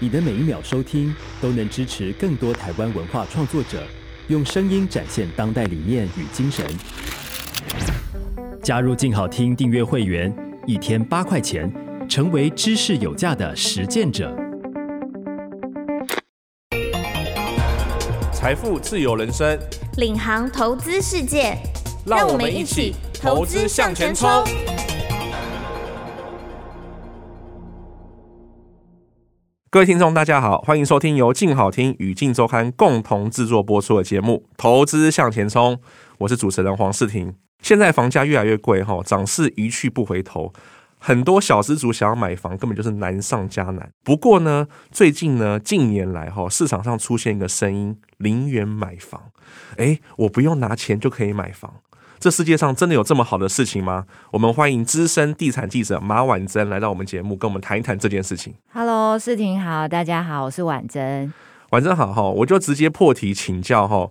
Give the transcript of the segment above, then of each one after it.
你的每一秒收聽，都能支持更多台灣文化創作者，用聲音展現當代理念與精神。加入鏡好聽訂閱會員，一天八塊錢，成為知識有價的實踐者。財富自由人生，領航投資世界，讓我們一起投資向錢衝。各位聽眾，大家好，歡迎收聽由靜好聽與靜周刊共同製作播出的節目《投資向錢衝》，我是主持人黃世廷。現在房價越來越貴，哈，漲勢一去不回頭，很多小資族想要買房根本就是難上加難。不過呢，最近呢，近年來哈市場上出現一個聲音，零元買房，誒，我不用拿錢就可以買房。這世界上真的有這麼好的事情嗎？我們歡迎資深地產記者馬婉珍來到我們節目，跟我們談一談這件事情。Hello，世婷好，大家好，我是婉珍。婉珍好哈，我就直接破題請教哈，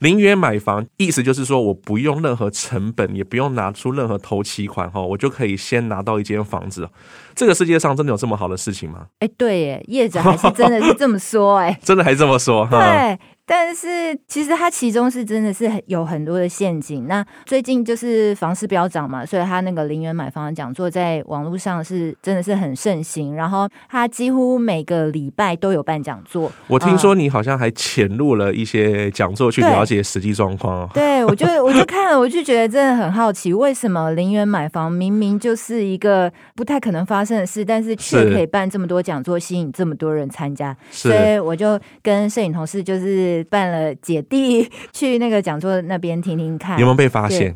零元買房，意思就是說我不用任何成本，也不用拿出任何頭期款哈，我就可以先拿到一間房子。這個世界上真的有這麼好的事情嗎？哎、欸，對耶，業者還是真的是這麼說哎， 真的還是這麼說哈。 對嗯但是其實他其中是真的是很有很多的陷阱。那最近就是房市飆漲嘛，所以他那個零元買房的講座在網絡上是真的是很盛行。然後他幾乎每個禮拜都有辦講座。我聽說你好像還潛入了一些講座去了解實際狀況。對，我就我就看了，我就覺得真的很好奇，為什麼零元買房明明就是一個不太可能發生的事，但是卻可以辦這麼多講座，吸引這麼多人參加？所以我就跟攝影同事就是。辦了姐弟去那個講座那邊聽聽看。有沒有被發現？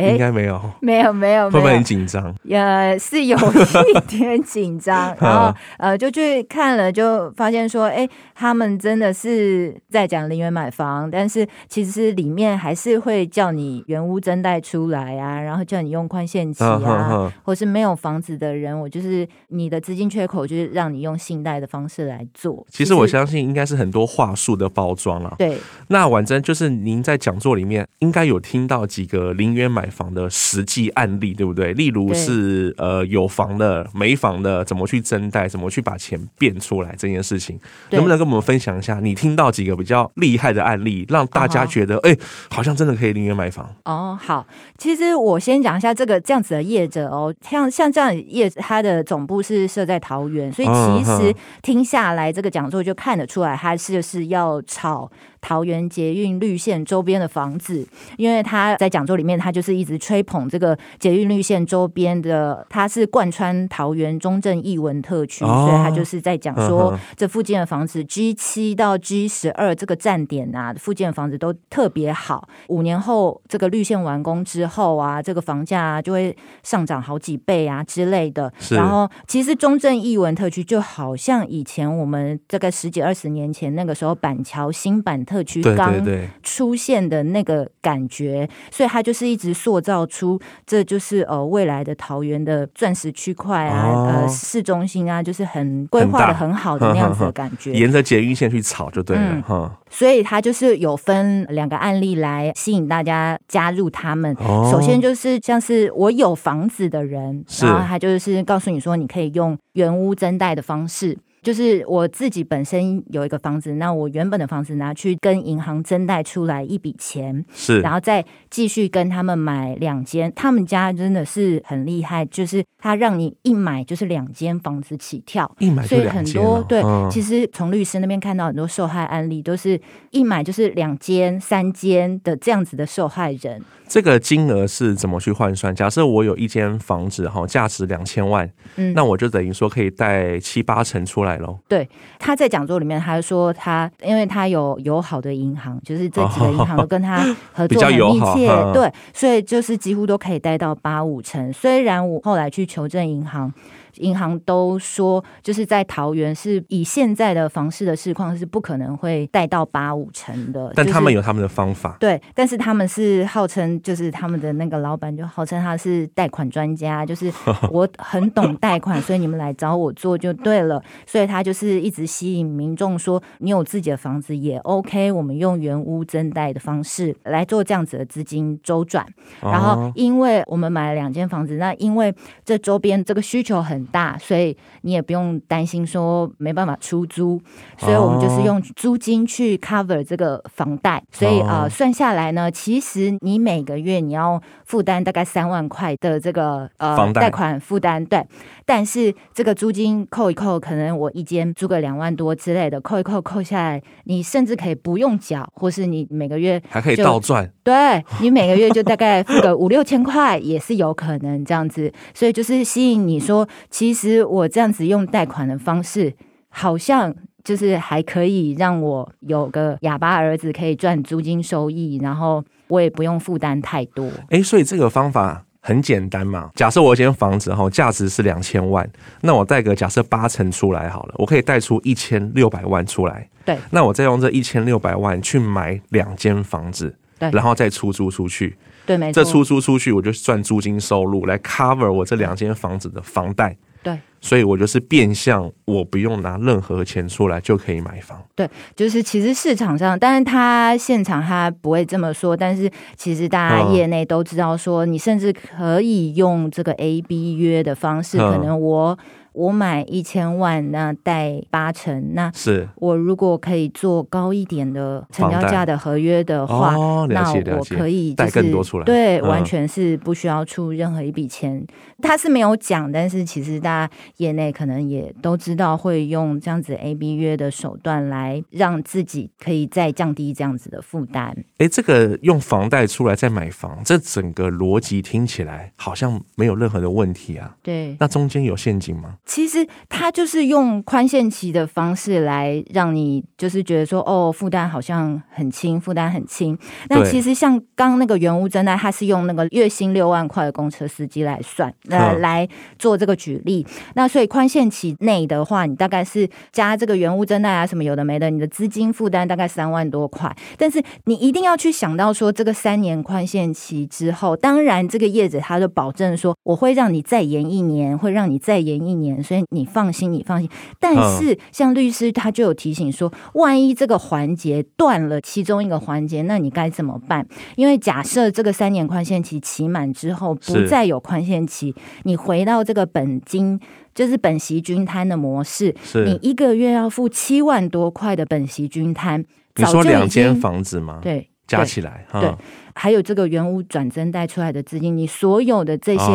應該沒有，欸、沒有，沒有沒有沒有，會不會很緊張？也、呃、是有一點緊張， 然後呃就去看了，就發現說，哎、欸，他們真的是在講零元買房，但是其實是裡面還是會叫你原屋增貸出來啊，然後叫你用寬限期啊，啊，啊，啊，或是沒有房子的人，我就是你的資金缺口，就是讓你用信貸的方式來做。其實我相信應該是很多話術的包裝啊。對，那婉珍，就是您在講座裡面應該有聽到幾個零元買。買房的實際案例，對不對？例如是呃有房的、沒房的，怎麼去增貸，怎麼去把錢變出來，這件事情能不能跟我們分享一下？你聽到幾個比較厲害的案例，讓大家覺得哎、哦欸，好像真的可以零元買房哦。好，其實我先講一下這個這樣子的業者哦，像像這樣的業，他的總部是設在桃園，所以其實聽下來、哦、這個講座就看得出來，他是就是要炒桃園捷運綠線周邊的房子，因為他在講座裡面他就是。一直吹捧這個捷運綠線周邊的，它是貫穿桃園中正藝文特區，哦，所以他就是在講說，這附近的房子 G 七到 G 十二這個站點啊，附近的房子都特別好。五年後這個綠線完工之後啊，這個房價就會上漲好幾倍啊之類的。然後其實中正藝文特區就好像以前我們這個十幾二十年前那個時候板橋新板特區剛出現的那個感覺，對對對，所以他就是一直說。塑造出這就是呃未來的桃園的鑽石區塊啊，哦、呃市中心啊，就是很規劃的很好的那樣子的感覺。呵呵沿着捷運線去炒就對了哈、嗯。所以它就是有分兩個案例來吸引大家加入他們。哦、首先就是像是我有房子的人，然後他就是告訴你說，你可以用原屋增貸的方式。就是我自己本身有一個房子，那我原本的房子拿去跟銀行增貸出來一筆錢，是，然後再繼續跟他們買兩間，他們家真的是很厲害，就是他讓你一買就是兩間房子起跳，一買就、啊、所以很多對，其實從律師那邊看到很多受害案例，啊、都是一買就是兩間三間的這樣子的受害人。這個金額是怎麼去換算？假設我有一間房子哈，價值兩千萬，嗯，那我就等於說可以貸七八成出來。對，他在講座裡面還說，他因為他有友好的銀行，就是這幾個銀行都跟他合作很密切，對，所以就是幾乎都可以貸到八五成。雖然我後來去求證銀行。銀行都說，就是在桃園是以現在的房市的市況是不可能會貸到八五成的，就是。但他們有他們的方法。對，但是他們是號稱就是他們的那個老板就號稱他是貸款專家，就是我很懂貸款， 所以你們來找我做就對了。所以他就是一直吸引民眾說，你有自己的房子也 OK，我們用原屋增貸的方式來做這樣子的資金周轉。然後因為我們買了兩間房子，那因為這周邊這個需求很。大，所以你也不用擔心說沒辦法出租，所以我們就是用租金去 cover 這個房貸，所以啊、呃、算下來呢，其實你每個月你要負擔大概三萬塊的這個呃貸款負擔，對，但是這個租金扣一扣，可能我一間租個兩萬多之類的，扣一扣扣下來，你甚至可以不用繳，或是你每個月還可以倒賺，對，你每個月就大概付個五六千塊也是有可能這樣子，所以就是吸引你說。其實我這樣子用貸款的方式，好像就是還可以讓我有個啞巴兒子可以賺租金收益，然後我也不用負擔太多。哎，所以這個方法很簡單嘛。假設我有一間房子哈，價值是兩千萬，那我貸個假設八成出來好了，我可以貸出一千六百萬出來。對，那我再用這一千六百萬去買兩間房子，對，然後再出租出去。對，沒錯，這出租出去，我就賺租金收入來 cover 我這兩間房子的房貸。對，所以我就是變相，我不用拿任何錢出來就可以買房。對，就是其實市場上，但是他現場他不會這麼說，但是其實大家業內都知道，說你甚至可以用這個 AB 約的方式，嗯、可能我。我買一千萬，那貸八成，那是我如果可以做高一點的成交價的合約的話，哦、那我可以、就是、貸更多出來，對，完全是不需要出任何一筆錢、嗯。他是沒有講，但是其實大家業內可能也都知道，會用這樣子 A B 約的手段來讓自己可以再降低這樣子的負擔。哎、欸，這個用房貸出來再買房，這整個邏輯聽起來好像沒有任何的問題啊。對，那中間有陷阱嗎？其實他就是用寬限期的方式來讓你，就是覺得說哦，負擔好像很輕，負擔很輕。那其實像剛剛那個原屋增貸，他是用那個月薪六萬塊的公車司機來算，呃，來做這個舉例，啊。那所以寬限期內的話，你大概是加這個原屋增貸啊，什麼有的沒的，你的資金負擔大概三萬多塊。但是你一定要去想到說，這個三年寬限期之後，當然這個業者他就保證說，我會讓你再延一年，會讓你再延一年。所以你放心，你放心。但是像律師他就有提醒說，萬一這個環節斷了，其中一個環節，那你該怎麼辦？因為假設這個三年寬限期期滿之後不再有寬限期，你回到這個本金就是本息均攤的模式，你一個月要付七萬多塊的本息均攤。你說兩間房子嗎？對，加起來對，對。還有這個原屋轉增貸出來的資金，你所有的這些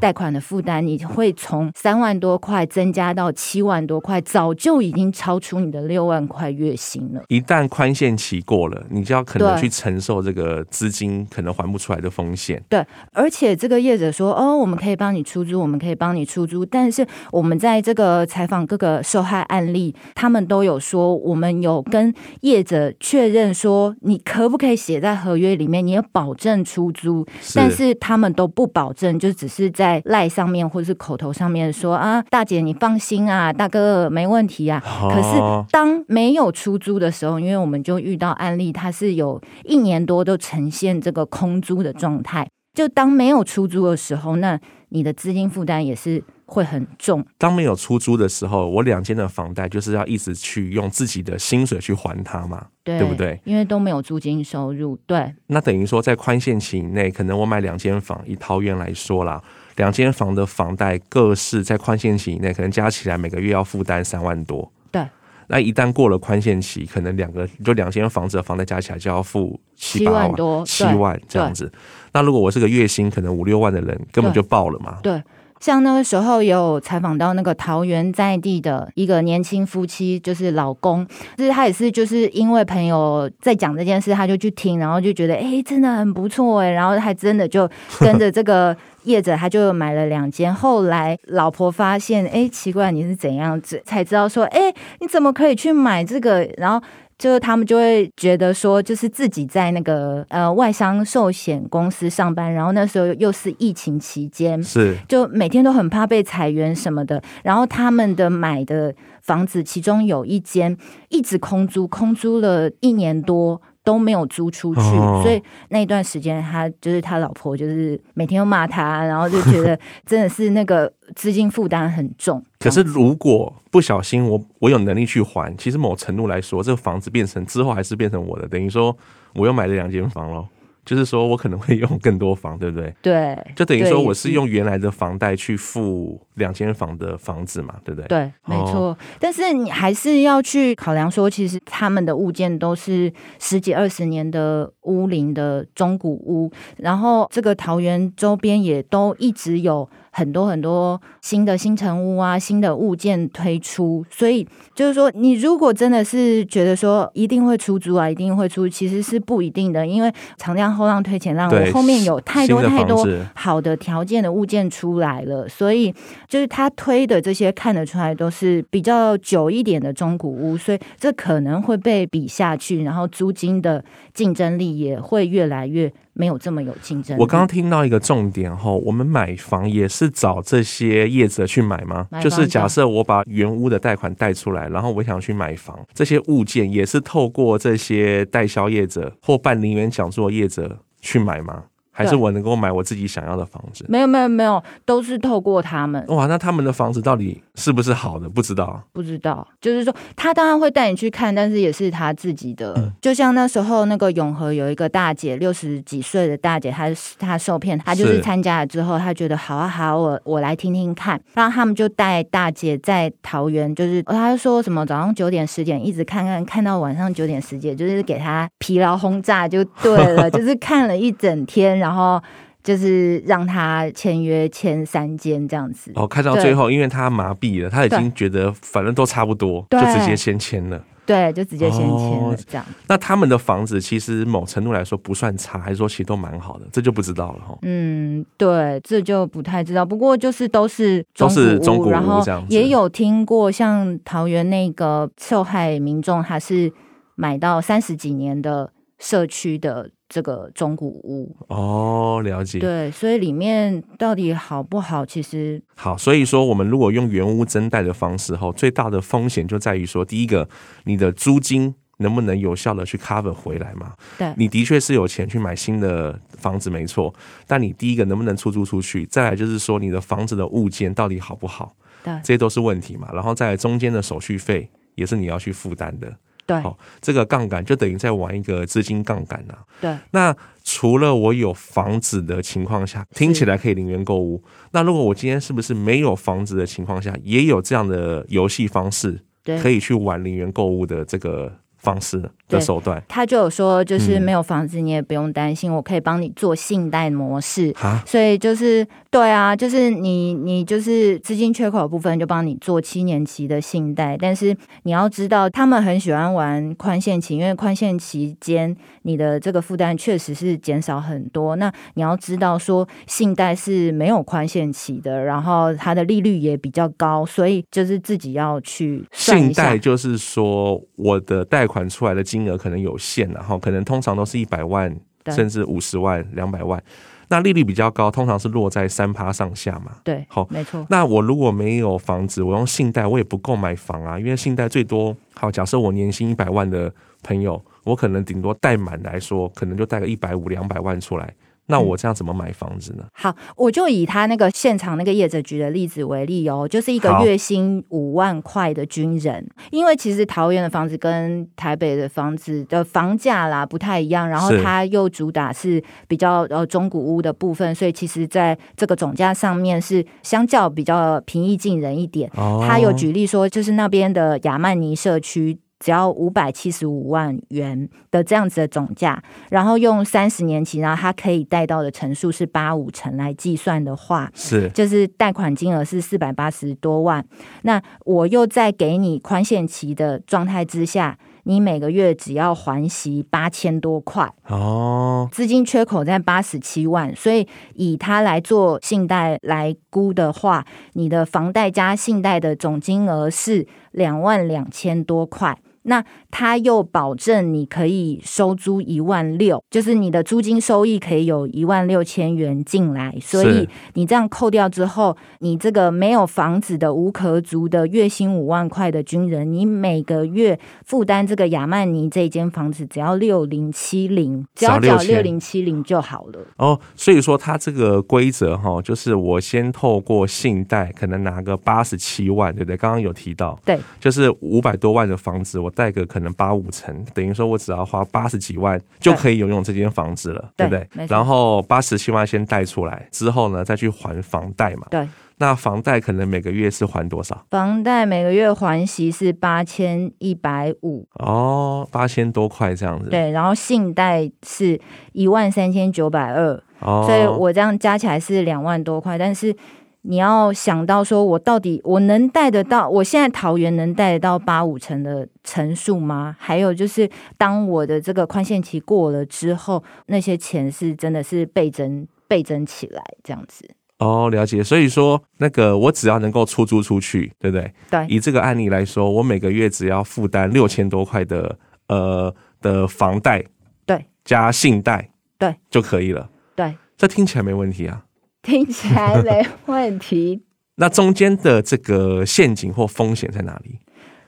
貸款的負擔，你會從三萬多塊增加到七萬多塊，早就已經超出你的六萬塊月薪了。一旦寬限期過了，你就要可能去承受這個資金可能還不出來的風險。對，而且這個業者說：“哦，我們可以幫你出租，我們可以幫你出租。”但是我們在這個採訪各個受害案例，他們都有說，我們有跟業者確認說，你可不可以寫在合約裡面，你保證出租，但是他們都不保證，就只是在 LINE 上面或者是口頭上面說啊，大姐你放心啊，大哥沒問題啊。可是當沒有出租的時候，因為我們就遇到案例，它是有一年多都呈現這個空租的狀態。就當沒有出租的時候，那你的資金負擔也是。會很重。當沒有出租的時候，我兩間的房貸就是要一直去用自己的薪水去還它嘛，對，對不對？因為都沒有租金收入，對。那等於說，在寬限期以內，可能我買兩間房，以桃園來說啦，兩間房的房貸各是，在寬限期以內，可能加起來每個月要負擔三萬多。對。那一旦過了寬限期，可能兩個就兩間房子的房貸加起來就要付七、八萬，七萬多，七萬、七萬這樣子。那如果我是個月薪可能五六萬的人，根本就爆了嘛。對。對。像那個時候有採訪到那個桃園在地的一個年輕夫妻，就是老公，就是他也是就是因為朋友在講這件事，他就去聽，然後就覺得誒、欸、真的很不錯誒、欸、然後還真的就跟着這個業者，他就買了兩間。 後來老婆發現誒、欸、奇怪你是怎樣子，才知道說誒、欸、你怎麼可以去買這個？然後。就是他們就會覺得說，就是自己在那個呃外商壽險公司上班，然後那時候又是疫情期間，是，就每天都很怕被裁員什麼的。然後他們的買的房子，其中有一間一直空租，空租了一年多。都沒有租出去，oh. 所以那一段時間他就是他老婆，就是每天又罵他，然後就覺得真的是那個資金負擔很重。 可是如果不小心我，我我有能力去還，其實某程度來說，這個房子變成之後還是變成我的，等於說我又買了兩間房嘍。就是說我可能會用更多房，對不對？對，就等於說我是用原來的房貸去付兩間房的房子嘛，對不對？對，沒錯。哦、但是你還是要去考量說，其實他們的物件都是十幾二十年的屋齡的中古屋，然後這個桃園周邊也都一直有，很多很多新的新成屋啊，新的物件推出，所以就是說，你如果真的是覺得說一定會出租啊，一定會出，其實是不一定的，因為長江後浪推前浪，後面有太多太多好的條件的物件出來了，所以就是他推的這些看得出來都是比較久一點的中古屋，所以這可能會被比下去，然後租金的競爭力也會越來越。沒有這麼有競爭。我剛剛聽到一個重點吼、哦，我們買房也是找這些業者去買嗎？買就是假設我把原屋的貸款貸出來，然後我想去買房，這些物件也是透過這些代銷業者或辦零元講座業者去買嗎？還是我能夠買我自己想要的房子？沒有沒有沒有，都是透過他們。哇，那他們的房子到底是不是好的？不知道，不知道。就是說，他當然會帶你去看，但是也是他自己的、嗯。就像那時候那個永和有一個大姐，六十幾歲的大姐，她她受騙，她就是參加了之後，她覺得好啊好，我我來聽聽看。然後他們就帶大姐在桃園，就是、哦、他就說什麼早上九點十點一直看看，看到晚上九點十點，就是給他疲勞轟炸就對了， 就是看了一整天。然後就是讓他簽約簽三間這樣子。哦，看到最後，因為他麻痹了，他已經覺得反正都差不多，就直接先簽了。對，就直接先簽了、哦、這樣。那他們的房子其實某程度來說不算差，還是說其實都蠻好的，這就不知道了。嗯，對，這就不太知道。不過就是都是中古屋，都是中古屋，然後也有聽過像桃園那個受害民眾，他是買到三十幾年的社區的。這個中古屋哦，了解。對，所以裡面到底好不好？其實好。所以說，我們如果用原屋增貸的方式後，最大的風險就在於說，第一個，你的租金能不能有效地去 cover 回來嘛？對你的確是有錢去買新的房子，沒錯。但你第一個能不能出租出去？再來就是說，你的房子的物件到底好不好？對，這些都是問題嘛。然後再來中間的手續費也是你要去負擔的。對、哦，這個槓桿就等於在玩一個資金槓桿吶。對，那除了我有房子的情況下，聽起來可以零元購屋。那如果我今天是不是沒有房子的情況下，也有這樣的遊戲方式，對，可以去玩零元購屋的這個方式呢？的手段，他就有說，就是沒有房子你也不用擔心，嗯，我可以幫你做信貸模式，所以就是對啊，就是你你就是資金缺口部分就幫你做七年期的信貸，但是你要知道他們很喜歡玩寬限期，因為寬限期間你的這個負擔確實是減少很多。那你要知道說信貸是沒有寬限期的，然後它的利率也比較高，所以就是自己要去算一下。信貸就是說我的貸款出來的金金額可能有限，啊，然後可能通常都是一百萬甚至五十萬兩百萬，那利率比較高，通常是落在三趴上下嘛。對，好，沒錯。那我如果沒有房子，我用信貸，我也不夠買房啊，因為信貸最多，好，假設我年薪一百萬的朋友，我可能頂多貸滿來說，可能就貸個一百五、兩百萬出來。那我這樣怎麼買房子呢、嗯？好，我就以他那個現場那個業者舉的例子為例哦、喔，就是一個月薪五萬塊的軍人，因為其實桃園的房子跟台北的房子的房價啦不太一樣，然後他又主打是比較呃中古屋的部分，所以其實在這個總價上面是相較比較平易近人一點。Oh、他有舉例說，就是那邊的亞曼尼社區。只要五百七十五萬元的這樣子的總價，然後用三十年期，然後它可以貸到的成數是八五成來計算的話，是就是貸款金額是四百八十多萬。那我又再給你寬限期的狀態之下，你每個月只要還息八千多塊哦，oh. 資金缺口在八十七萬，所以以它來做信貸來估的話，你的房貸加信貸的總金額是兩萬兩千多塊。那他又保證你可以收租一萬六，就是你的租金收益可以有一萬六千元進來，所以你這樣扣掉之後，你這個沒有房子的無殼族的月薪五萬塊的軍人，你每個月負擔這個亞曼尼這間房子只要六零七零，只要繳六零七零就好了。哦，oh, 所以說他這個規則哈，就是我先透過信貸可能拿個八十七萬，對不對？剛剛有提到，對，就是五百多萬的房子我。貸個可能八五成，等於說我只要花八十幾萬就可以擁有這間房子了，對，對不對？對，然後八十七萬先貸出來之後呢，再去還房貸嘛。對，那房貸可能每個月是還多少？房貸每個月還息是八千一百五哦，八千多塊這樣子。對，然後信貸是一萬三千九百二哦，所以我這樣加起來是兩萬多塊，但是。你要想到說，我到底我能貸得到？我現在桃園能貸得到八五成的成數嗎？還有就是，當我的這個寬限期過了之後，那些錢是真的是倍增倍增起來這樣子。哦，了解。所以說，那個我只要能夠出租出去，對不對？對。以這個案例來說，我每個月只要負擔六千多塊的呃的房貸，對，加信貸，對，就可以了。對，這聽起來沒問題啊。聽起來沒問題。 那中間的這個陷阱、或風險在哪裡？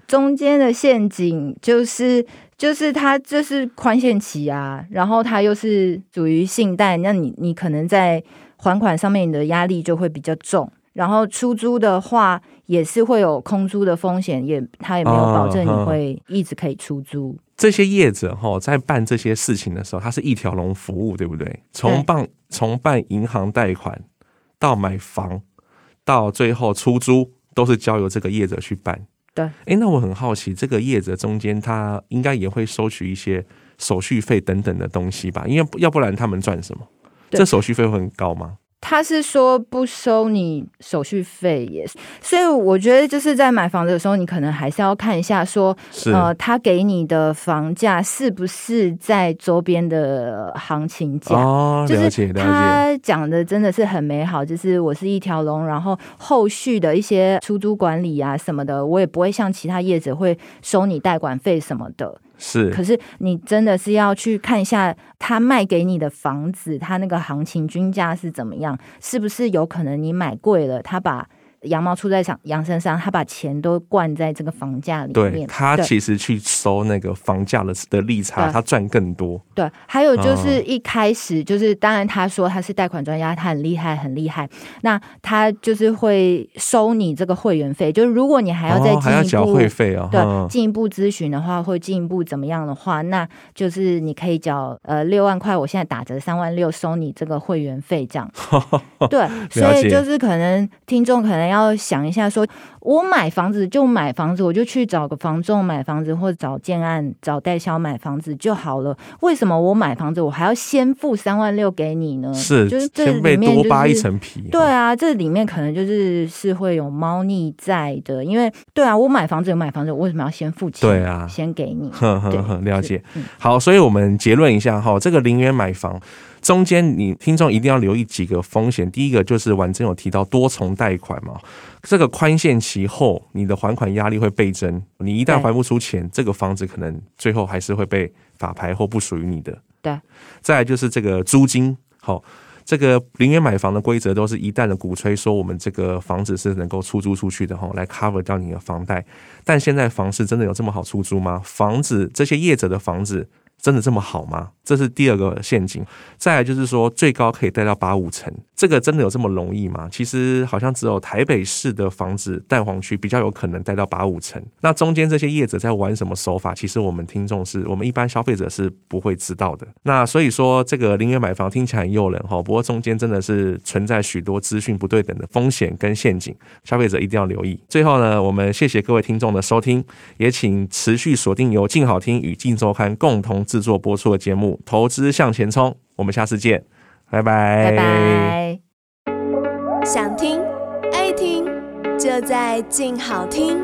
中間的陷阱就是，就是它就是寬限期啊，然後它又是屬於信貸，那你你可能在還款上面你的壓力就會比較重。然後出租的話，也是會有空租的風險，也它也沒有保證你會一直可以出租。哦哦這些業者哈，在辦這些事情的時候，他是一條龍服務，對不對？從辦從辦銀行貸款到買房，到最後出租，都是交由這個業者去辦。對，誒，那我很好奇，這個業者中間他應該也會收取一些手續費等等的東西吧？因為要不然他們賺什麼？這手續費會很高嗎？他是說不收你手續費也是，所以我覺得就是在買房子的時候，你可能還是要看一下說，說呃，他給你的房價是不是在周邊的行情價？哦，了解了解。就是他講的真的是很美好，就是我是一條龍，然後後續的一些出租管理啊什麼的，我也不會像其他業者會收你代管費什麼的。是，可是你真的是要去看一下他賣給你的房子，他那個行情均價是怎麼樣？是不是有可能你買貴了，他把，羊毛出在羊身上，他把錢都灌在這個房價裡面。對，他其實去收那個房價的的利差，他賺更多。對，還有就是一開始、哦、就是，當然他說他是貸款專家，他很厲害，很厲害。那他就是會收你這個會員費，就是如果你還要再進一步、哦、還要交會費哦、啊，對，進一步諮詢的話，會進一步怎麼樣的話，嗯、那就是你可以繳呃六萬塊，我現在打折三萬六，收你這個會員費這樣呵呵。對，所以就是可能聽眾可能。你要想一下說，說我買房子就買房子，我就去找個房仲買房子，或者找建案、找代銷買房子就好了。為什麼我買房子，我還要先付三萬六給你呢？是，就是這裡面、就是、先被多扒一層皮。對啊，這裡面可能就是是會有貓膩在的。因為對啊，我買房子有買房子，我為什麼要先付錢先？對啊，先給你。哼哼，了解、嗯。好，所以我們結論一下哈，這個零元買房。中間你聽眾一定要留意幾個風險，第一個就是完徵有提到多重貸款嘛，這個寬限期後，你的還款壓力會倍增，你一旦還不出錢，這個房子可能最後還是會被法拍或不屬於你的。對，再來就是這個租金，好、哦，這個零元買房的規則都是一旦的鼓吹說我們這個房子是能夠出租出去的，吼、哦，來 cover 掉你的房貸，但現在房市真的有這麼好出租嗎？房子這些業者的房子。真的這麼好嗎？這是第二個陷阱。再來就是說，最高可以貸到八五成，這個真的有這麼容易嗎？其實好像只有台北市的房子，蛋黃區比較有可能貸到八五成。那中間這些業者在玩什麼手法？其實我們聽眾是，我們一般消費者是不會知道的。那所以說，這個零元買房聽起來很誘人哈，不過中間真的是存在許多資訊不對等的風險跟陷阱，消費者一定要留意。最後呢，我們謝謝各位聽眾的收聽，也請持續鎖定由鏡好聽與鏡週刊共同。製作播出的節目《投資向錢衝》，我們下次見，拜拜，拜拜。想聽愛聽，就在靜好聽。